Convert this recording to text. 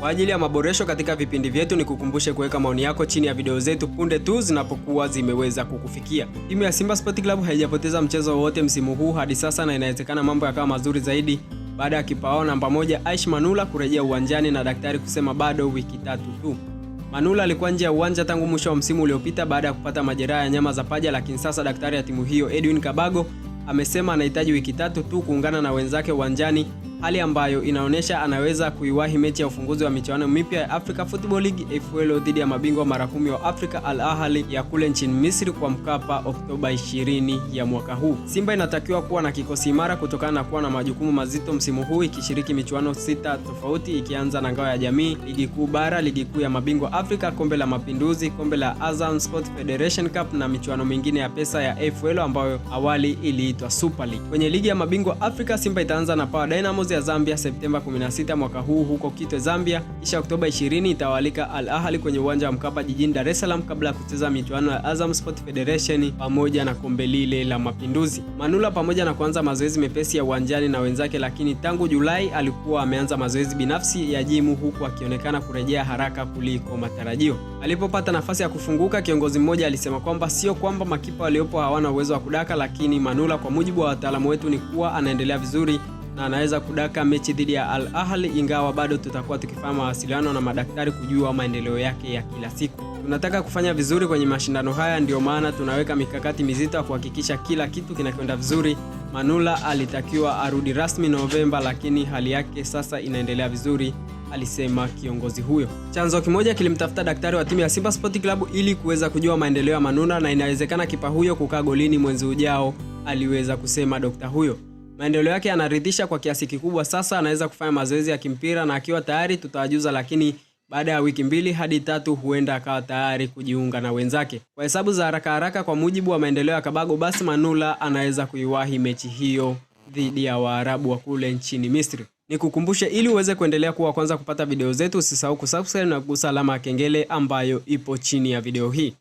Kwa ajili ya maboresho katika vipindi vyetu, ni kukumbushe kuweka maoni yako chini ya video zetu punde tu zinapokuwa zimeweza kukufikia. Timu ya Simba Sport Club haijapoteza mchezo wowote msimu huu hadi sasa, na inawezekana mambo yakawa mazuri zaidi baada ya kipao namba moja Aish Manula kurejea uwanjani na daktari kusema bado wiki tatu tu. Manula alikuwa nje ya uwanja tangu mwisho wa msimu uliopita baada ya kupata majeraha ya nyama za paja, lakini sasa daktari ya timu hiyo Edwin Kabago amesema anahitaji wiki tatu tu kuungana na wenzake uwanjani hali ambayo inaonyesha anaweza kuiwahi mechi ya ufunguzi wa michuano mipya ya Africa Football League AFL dhidi ya mabingwa mara kumi wa Afrika Al Ahly ya kule nchini Misri kwa Mkapa Oktoba 20 ya mwaka huu. Simba inatakiwa kuwa na kikosi imara kutokana na kuwa na majukumu mazito msimu huu ikishiriki michuano sita tofauti ikianza na ngao ya jamii, ligi kuu bara, ligi kuu ya mabingwa Afrika, kombe la mapinduzi, kombe la Azam Sport Federation Cup na michuano mingine ya pesa ya AFL ambayo awali iliitwa Super League. Kwenye ligi ya mabingwa Afrika Simba itaanza na Power Dynamos Stars ya Zambia Septemba 16 mwaka huu huko Kitwe, Zambia, kisha Oktoba 20 itawalika Al Ahli kwenye uwanja wa Mkapa jijini Dar es Salaam kabla ya kucheza michuano ya Azam Sport Federation pamoja na kombe lile la Mapinduzi. Manula pamoja na kuanza mazoezi mepesi ya uwanjani na wenzake, lakini tangu Julai alikuwa ameanza mazoezi binafsi ya jimu huku akionekana kurejea haraka kuliko matarajio. Alipopata nafasi ya kufunguka, kiongozi mmoja alisema kwamba sio kwamba makipa waliopo hawana uwezo wa kudaka, lakini Manula, kwa mujibu wa wataalamu wetu, ni kuwa anaendelea vizuri na anaweza kudaka mechi dhidi ya Al Ahli, ingawa bado tutakuwa tukifanya mawasiliano na madaktari kujua maendeleo yake ya kila siku. Tunataka kufanya vizuri kwenye mashindano haya, ndiyo maana tunaweka mikakati mizito ya kuhakikisha kila kitu kinakwenda vizuri. Manula alitakiwa arudi rasmi Novemba, lakini hali yake sasa inaendelea vizuri, alisema kiongozi huyo. Chanzo kimoja kilimtafuta daktari wa timu ya Simba Sport Club ili kuweza kujua maendeleo ya Manula na inawezekana kipa huyo kukaa golini mwenzi ujao, aliweza kusema dokta huyo. Maendeleo yake yanaridhisha kwa kiasi kikubwa. Sasa anaweza kufanya mazoezi ya kimpira na akiwa tayari tutawajuza, lakini baada ya wiki mbili hadi tatu huenda akawa tayari kujiunga na wenzake. Kwa hesabu za haraka haraka, kwa mujibu wa maendeleo ya Kabago, basi Manula anaweza kuiwahi mechi hiyo dhidi ya Waarabu wa kule nchini Misri. Nikukumbushe, ili uweze kuendelea kuwa kwanza kupata video zetu, usisahau kusubscribe na kugusa alama ya kengele ambayo ipo chini ya video hii.